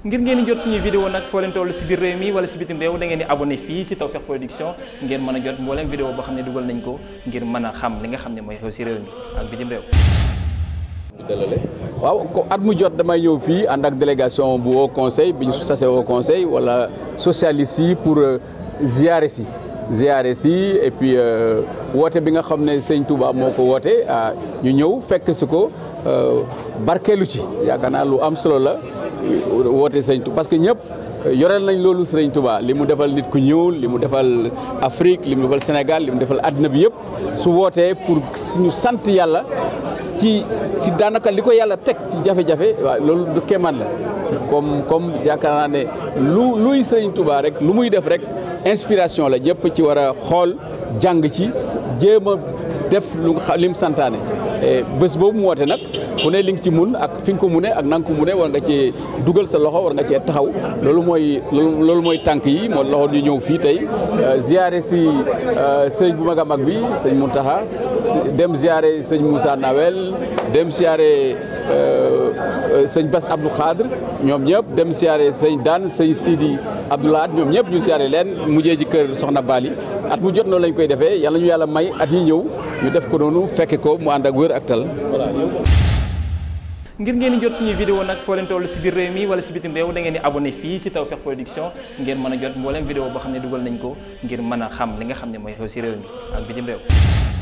ngir ngeen di jot suñuy vidéo nag foo leen toll si biir réew mi wala si bitim réew da ngeen di abonné fii si Tawfekh Production ngeen mën a jot mbooleem vidéo boo xam ne dugal nañ ko ngir mën a xam li nga xam ne mooy xew si réew mi waaw ko at mu jot damay ñëw fii ànd ak délégation bu Haut Conseil bi ñu sa sase woo Conseil wala socialiste si pour euh, ziare si ziare si et puis euh, woote bi nga xam ne sëñ Touba moo ko woote ah, ñu ñëw fekk si ko euh, barkeelu ci yaakaar naa lu am solo la woote sëñ Touba parce que ñëpp yoreel nañ loolu sëriñ Touba li mu defal nit ku ñuul li mu defal Afrique li mu defal Sénégal li mu defal àddina bi yëpp su wootee pour ñu sant yàlla ci ci daanaka li ko yàlla teg ci jafe-jafe waaw loolu du kéemaan la kom comme yaakaar naa ne lu luy sëriñ Touba rek lu muy def rek inspiration la ñëpp ci war a xool jàng ci jéem a def lu lim santaane Eh, bés boobu mu woote nag ku ne li nga ci mun ak fi nga ak na nga ko mune war nga cee dugal sa loxo war nga cee taxaw loolu mooy loolu mooy tànk yi moo loxo ñu ñëw fii tey eh, ziare si eh, sëñ bu mag a mag bi sëñ Mountakha dem ziare sëñ Moussa Nawel dem ziare sëñ bas Abdou xaadr ñoom ñëpp dem ziare sëñ Daan sëñ Sidi Abdoulaat ñoom ñëpp ñu ziare leen mujjee ji kër Soxna Bali at mu jot noonu lañ koy defee yàlla ñu yàlla may at yi ñëw ñu def ko noonu fekke ko mu ànd ak wér ak tal ngir ngeen di jot suñuy vidéo nag foo leen toll si biir réew mi wala si bitim réew da ngeen di abonné fii si Tawfekh Production ngeen mën a jot mbooleem vidéo boo xam ne dugal nañ ko ngir mën a xam li nga xam ne mooy xew si réew mi ak bitim réew